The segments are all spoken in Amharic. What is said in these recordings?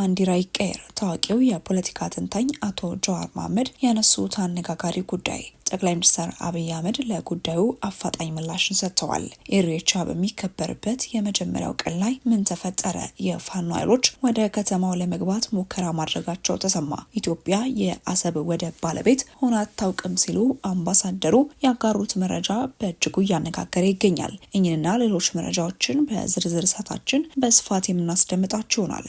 ባንዲራ ይቀየር ታዋቂው የፖለቲካ ተንታኝ አቶ ጀዋር መሐመድ ያነሱት አነጋጋሪ ጉዳይ ጠቅላይ ሚኒስትር አብይ አህመድ ለጉዳዩ አፋጣኝ ምላሽን ሰጥተዋል። ኢሬቻ በሚከበርበት የመጀመሪያው ቀን ላይ ምን ተፈጠረ? የፋኖ ኃይሎች ወደ ከተማው ለመግባት ሙከራ ማድረጋቸው ተሰማ። ኢትዮጵያ የአሰብ ወደብ ባለቤት ሆና አታውቅም ሲሉ አምባሳደሩ ያጋሩት መረጃ በእጅጉ እያነጋገረ ይገኛል። እኝንና ሌሎች መረጃዎችን በዝርዝር እሳታችን በስፋት የምናስደምጣችሁ ይሆናል።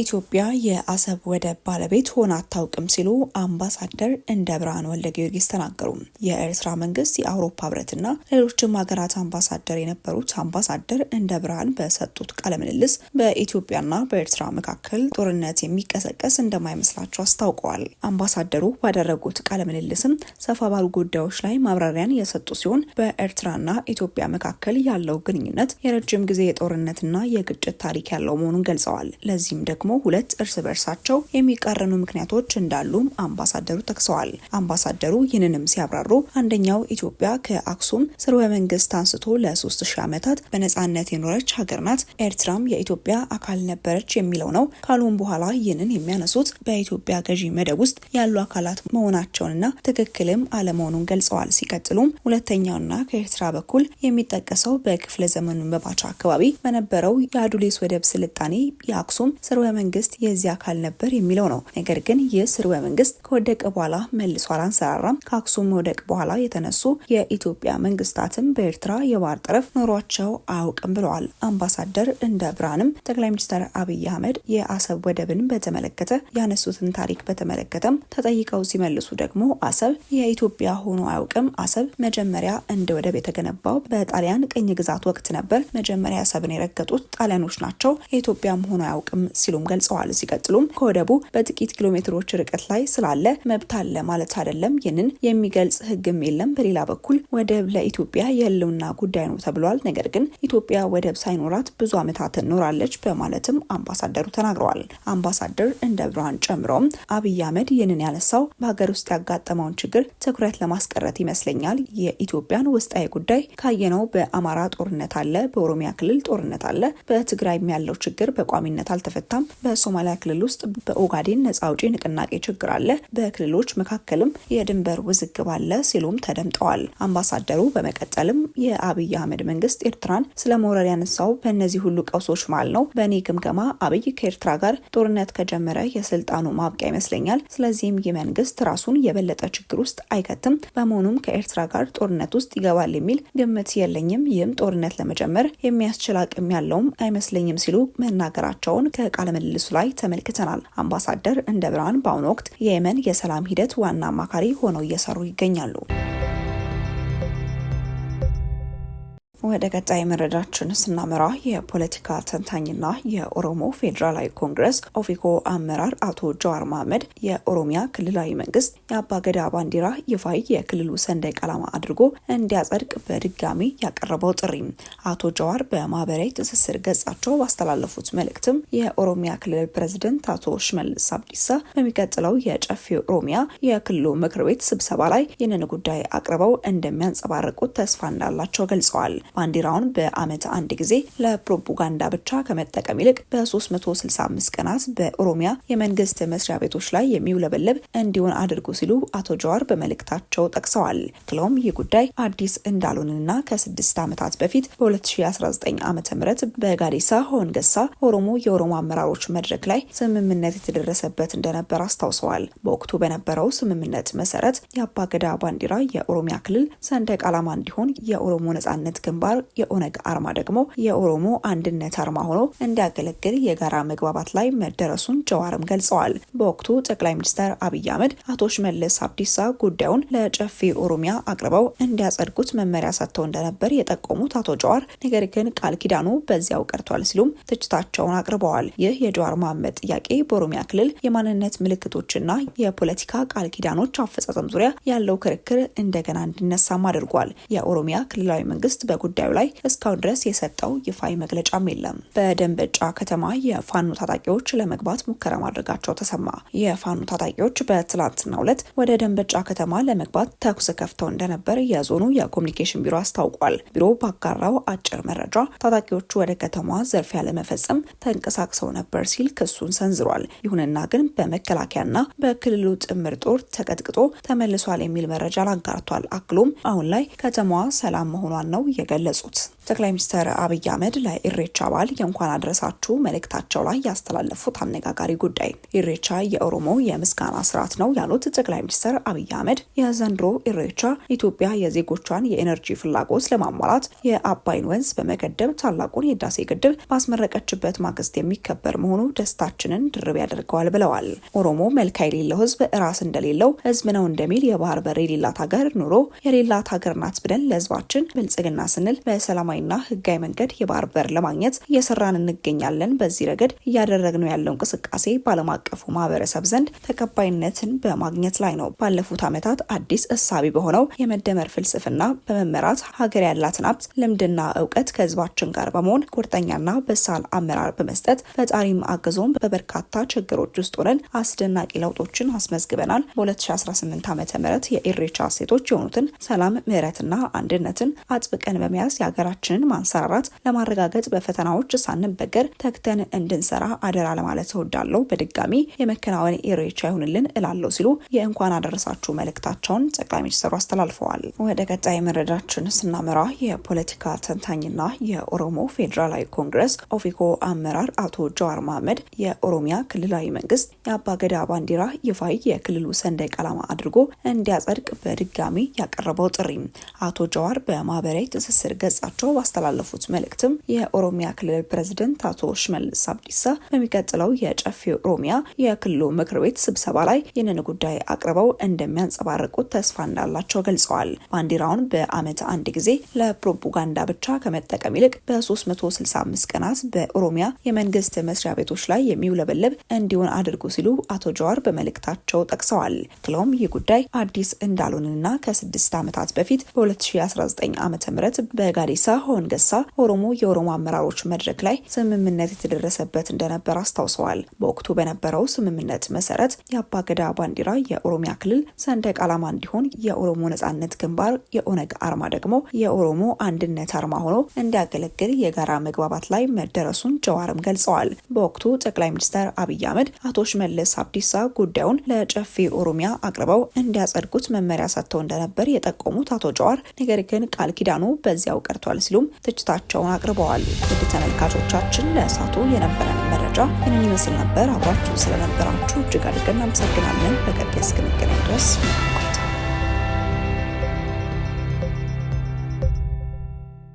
ኢትዮጵያ የአሰብ ወደብ ባለቤት ሆና አታውቅም ሲሉ አምባሳደር እንደ ብርሃን ወልደ ጊዮርጊስ ተናገሩ። የኤርትራ መንግስት የአውሮፓ ህብረትና ሌሎችም ሀገራት አምባሳደር የነበሩት አምባሳደር እንደ ብርሃን በሰጡት ቃለ ምልልስ በኢትዮጵያና በኤርትራ መካከል ጦርነት የሚቀሰቀስ እንደማይመስላቸው አስታውቀዋል። አምባሳደሩ ባደረጉት ቃለ ምልልስም ሰፋ ባሉ ጉዳዮች ላይ ማብራሪያን የሰጡ ሲሆን በኤርትራና ኢትዮጵያ መካከል ያለው ግንኙነት የረጅም ጊዜ የጦርነትና የግጭት ታሪክ ያለው መሆኑን ገልጸዋል። ለዚህም ደግሞ ደግሞ ሁለት እርስ በርሳቸው የሚቃረኑ ምክንያቶች እንዳሉም አምባሳደሩ ጠቅሰዋል። አምባሳደሩ ይህንንም ሲያብራሩ አንደኛው ኢትዮጵያ ከአክሱም ስርወ መንግስት አንስቶ ለ ሺህ ዓመታት በነፃነት የኖረች ሀገር ናት፣ ኤርትራም የኢትዮጵያ አካል ነበረች የሚለው ነው። ካሉም በኋላ ይህንን የሚያነሱት በኢትዮጵያ ገዢ መደብ ውስጥ ያሉ አካላት መሆናቸውንና ትክክልም አለመሆኑን ገልጸዋል። ሲቀጥሉም ሁለተኛውና ከኤርትራ በኩል የሚጠቀሰው በክፍለ ዘመኑን በባቻ አካባቢ በነበረው የአዱሌስ ወደብ ስልጣኔ የአክሱም ስርወ መንግስት የዚህ አካል ነበር የሚለው ነው። ነገር ግን ይህ ስርወ መንግስት ከወደቀ በኋላ መልሶ አላንሰራራም። ከአክሱም መውደቅ በኋላ የተነሱ የኢትዮጵያ መንግስታትም በኤርትራ የባህር ጠረፍ ኖሯቸው አያውቅም ብለዋል አምባሳደር እንደ ብርሃንም። ጠቅላይ ሚኒስትር አብይ አህመድ የአሰብ ወደብን በተመለከተ ያነሱትን ታሪክ በተመለከተም ተጠይቀው ሲመልሱ ደግሞ አሰብ የኢትዮጵያ ሆኖ አያውቅም። አሰብ መጀመሪያ እንደ ወደብ የተገነባው በጣሊያን ቅኝ ግዛት ወቅት ነበር። መጀመሪያ አሰብን የረገጡት ጣሊያኖች ናቸው። የኢትዮጵያም ሆኖ አያውቅም ሲሉም መሆኑንም ገልጸዋል። ሲቀጥሉም ከወደቡ በጥቂት ኪሎ ሜትሮች ርቀት ላይ ስላለ መብት አለ ማለት አይደለም፣ ይህንን የሚገልጽ ህግም የለም። በሌላ በኩል ወደብ ለኢትዮጵያ የህልውና ጉዳይ ነው ተብሏል። ነገር ግን ኢትዮጵያ ወደብ ሳይኖራት ብዙ ዓመታት እኖራለች በማለትም አምባሳደሩ ተናግረዋል። አምባሳደር እንደ ብርሃን ጨምረውም አብይ አህመድ ይህንን ያነሳው በሀገር ውስጥ ያጋጠመውን ችግር ትኩረት ለማስቀረት ይመስለኛል። የኢትዮጵያን ውስጣዊ ጉዳይ ካየነው በአማራ ጦርነት አለ፣ በኦሮሚያ ክልል ጦርነት አለ፣ በትግራይም ያለው ችግር በቋሚነት አልተፈታም። በሶማሊያ ክልል ውስጥ በኦጋዴን ነጻ አውጪ ንቅናቄ ችግር አለ፣ በክልሎች መካከልም የድንበር ውዝግብ አለ ሲሉም ተደምጠዋል። አምባሳደሩ በመቀጠልም የአብይ አህመድ መንግስት ኤርትራን ስለ መውረር ያነሳው በእነዚህ ሁሉ ቀውሶች መሃል ነው። በእኔ ግምገማ አብይ ከኤርትራ ጋር ጦርነት ከጀመረ የስልጣኑ ማብቂያ ይመስለኛል። ስለዚህም ይህ መንግስት ራሱን የበለጠ ችግር ውስጥ አይከትም። በመሆኑም ከኤርትራ ጋር ጦርነት ውስጥ ይገባል የሚል ግምት የለኝም። ይህም ጦርነት ለመጀመር የሚያስችል አቅም ያለውም አይመስለኝም ሲሉ መናገራቸውን ከቃለ በምልልሱ ላይ ተመልክተናል። አምባሳደር እንደ ብርሃን በአሁኑ ወቅት የየመን የሰላም ሂደት ዋና አማካሪ ሆነው እየሰሩ ይገኛሉ። ወደ ቀጣይ መረዳችን ስናመራ የፖለቲካ ተንታኝና የኦሮሞ ፌዴራላዊ ኮንግረስ ኦፌኮ አመራር አቶ ጀዋር መሐመድ የኦሮሚያ ክልላዊ መንግስት የአባገዳ ባንዲራ ይፋይ የክልሉ ሰንደቅ ዓላማ አድርጎ እንዲያጸድቅ በድጋሚ ያቀረበው ጥሪ። አቶ ጀዋር በማህበራዊ ትስስር ገጻቸው ባስተላለፉት መልእክትም የኦሮሚያ ክልል ፕሬዝደንት አቶ ሽመልስ አብዲሳ በሚቀጥለው የጨፌ ኦሮሚያ የክልሉ ምክር ቤት ስብሰባ ላይ ይህንን ጉዳይ አቅርበው እንደሚያንጸባርቁት ተስፋ እንዳላቸው ገልጸዋል። ባንዲራውን በአመት አንድ ጊዜ ለፕሮፓጋንዳ ብቻ ከመጠቀም ይልቅ በ365 ቀናት በኦሮሚያ የመንግስት መስሪያ ቤቶች ላይ የሚውለበለብ እንዲሆን አድርጉ ሲሉ አቶ ጀዋር በመልእክታቸው ጠቅሰዋል። ክለውም ይህ ጉዳይ አዲስ እንዳልሆንና ከስድስት ዓመታት በፊት በ2019 ዓ ም በጋዴሳ ሆንገሳ ኦሮሞ የኦሮሞ አመራሮች መድረክ ላይ ስምምነት የተደረሰበት እንደነበር አስታውሰዋል። በወቅቱ በነበረው ስምምነት መሰረት የአባገዳ ባንዲራ የኦሮሚያ ክልል ሰንደቅ ዓላማ እንዲሆን የኦሮሞ ነጻነት ግንባ ግንባር የኦነግ አርማ ደግሞ የኦሮሞ አንድነት አርማ ሆኖ እንዲያገለግል የጋራ መግባባት ላይ መደረሱን ጀዋርም ገልጸዋል። በወቅቱ ጠቅላይ ሚኒስትር አብይ አህመድ አቶ ሽመልስ አብዲሳ ጉዳዩን ለጨፌ ኦሮሚያ አቅርበው እንዲያጸድጉት መመሪያ ሰጥተው እንደነበር የጠቆሙት አቶ ጀዋር ነገር ግን ቃል ኪዳኑ በዚያው ቀርቷል ሲሉም ትችታቸውን አቅርበዋል። ይህ የጀዋር መሐመድ ጥያቄ በኦሮሚያ ክልል የማንነት ምልክቶችና የፖለቲካ ቃል ኪዳኖች አፈጻጸም ዙሪያ ያለው ክርክር እንደገና እንዲነሳም አድርጓል። የኦሮሚያ ክልላዊ መንግስት በጉ በጉዳዩ ላይ እስካሁን ድረስ የሰጠው ይፋዊ መግለጫም የለም። በደንበጫ ከተማ የፋኖ ታጣቂዎች ለመግባት ሙከራ ማድረጋቸው ተሰማ። የፋኖ ታጣቂዎች በትላንትናው ዕለት ወደ ደንበጫ ከተማ ለመግባት ተኩስ ከፍተው እንደነበር የዞኑ የኮሚኒኬሽን ቢሮ አስታውቋል። ቢሮ ባጋራው አጭር መረጃ ታጣቂዎቹ ወደ ከተማ ዘርፊያ ለመፈጸም ተንቀሳቅሰው ነበር ሲል ክሱን ሰንዝሯል። ይሁንና ግን በመከላከያና በክልሉ ጥምር ጦር ተቀጥቅጦ ተመልሷል የሚል መረጃ አጋርቷል። አክሎም አሁን ላይ ከተማዋ ሰላም መሆኗን ነው የገለ የገለጹት። ጠቅላይ ሚኒስትር አብይ አህመድ ለኢሬቻ በዓል የእንኳን አድረሳችሁ መልእክታቸው ላይ ያስተላለፉት አነጋጋሪ ጉዳይ ኢሬቻ የኦሮሞ የምስጋና ስርዓት ነው ያሉት ጠቅላይ ሚኒስትር አብይ አህመድ የዘንድሮ ኢሬቻ ኢትዮጵያ የዜጎቿን የኤነርጂ ፍላጎት ለማሟላት የአባይን ወንዝ በመገደብ ታላቁን የህዳሴ ግድብ ባስመረቀችበት ማግስት የሚከበር መሆኑ ደስታችንን ድርብ ያደርገዋል ብለዋል። ኦሮሞ መልካ የሌለው ህዝብ ራስ እንደሌለው ህዝብ ነው እንደሚል የባህር በር የሌላት ሀገር ኑሮ የሌላት ሀገር ናት ብለን ለህዝባችን ብልጽግና ስንል በሰላማ ሰላማዊና ህጋዊ መንገድ የባህር በር ለማግኘት እየሰራን እንገኛለን። በዚህ ረገድ እያደረግነው ያለው እንቅስቃሴ በዓለም አቀፉ ማህበረሰብ ዘንድ ተቀባይነትን በማግኘት ላይ ነው። ባለፉት ዓመታት አዲስ እሳቢ በሆነው የመደመር ፍልስፍና በመመራት ሀገር ያላትን ሀብት፣ ልምድና እውቀት ከህዝባችን ጋር በመሆን ቁርጠኛና በሳል አመራር በመስጠት ፈጣሪም አግዞን በበርካታ ችግሮች ውስጥ ሆነን አስደናቂ ለውጦችን አስመዝግበናል። በ2018 ዓ ም የኢሬቻ ሴቶች የሆኑትን ሰላም፣ ምህረትና አንድነትን አጥብቀን በመያዝ የሀገራችን ራሳችንን ማንሰራራት ለማረጋገጥ በፈተናዎች ሳንበገር ተግተን እንድንሰራ አደራ ለማለት እወዳለሁ። በድጋሚ የመከናወን ኢሬቻ ይሁንልን እላለሁ ሲሉ የእንኳን አደረሳችሁ መልእክታቸውን ጠቅላይ ሚኒስትሩ አስተላልፈዋል። ወደ ቀጣይ መረዳችን ስናመራ የፖለቲካ ተንታኝና የኦሮሞ ፌዴራላዊ ኮንግረስ ኦፌኮ አመራር አቶ ጀዋር መሐመድ የኦሮሚያ ክልላዊ መንግስት የአባገዳ ባንዲራ ይፋይ የክልሉ ሰንደቅ ዓላማ አድርጎ እንዲያጸድቅ በድጋሚ ያቀረበው ጥሪ አቶ ጀዋር በማህበራዊ ትስስር ገጻቸው ባስተላለፉት መልእክትም የኦሮሚያ ክልል ፕሬዝደንት አቶ ሽመልስ አብዲሳ በሚቀጥለው የጨፌ ኦሮሚያ የክልሉ ምክር ቤት ስብሰባ ላይ ይህንን ጉዳይ አቅርበው እንደሚያንጸባርቁት ተስፋ እንዳላቸው ገልጸዋል። ባንዲራውን በዓመት አንድ ጊዜ ለፕሮፓጋንዳ ብቻ ከመጠቀም ይልቅ በ365 ቀናት በኦሮሚያ የመንግስት መስሪያ ቤቶች ላይ የሚውለበለብ እንዲሆን አድርጉ ሲሉ አቶ ጀዋር በመልእክታቸው ጠቅሰዋል። ክለውም ይህ ጉዳይ አዲስ እንዳልሆነና ከስድስት ዓመታት በፊት በ2019 ዓ ም በጋዴሳ ጥላሁን ገሳ ኦሮሞ የኦሮሞ አመራሮች መድረክ ላይ ስምምነት የተደረሰበት እንደነበር አስታውሰዋል። በወቅቱ በነበረው ስምምነት መሰረት የአባገዳ ባንዲራ የኦሮሚያ ክልል ሰንደቅ ዓላማ እንዲሆን፣ የኦሮሞ ነጻነት ግንባር የኦነግ አርማ ደግሞ የኦሮሞ አንድነት አርማ ሆኖ እንዲያገለግል የጋራ መግባባት ላይ መደረሱን ጀዋርም ገልጸዋል። በወቅቱ ጠቅላይ ሚኒስትር አብይ አህመድ አቶ ሽመልስ አብዲሳ ጉዳዩን ለጨፌ ኦሮሚያ አቅርበው እንዲያጸድጉት መመሪያ ሰጥተው እንደነበር የጠቆሙት አቶ ጀዋር ነገር ግን ቃል ኪዳኑ በዚያው ቀርቷል ሲሉ ሲሉም ትችታቸውን አቅርበዋል። ውድ ተመልካቾቻችን ለእሳቱ የነበረን መረጃ ይህንን ይመስል ነበር። አብራችሁ ስለነበራችሁ እጅግ አድርገን እናመሰግናለን። በቀጣይ እስክንገናኝ ድረስ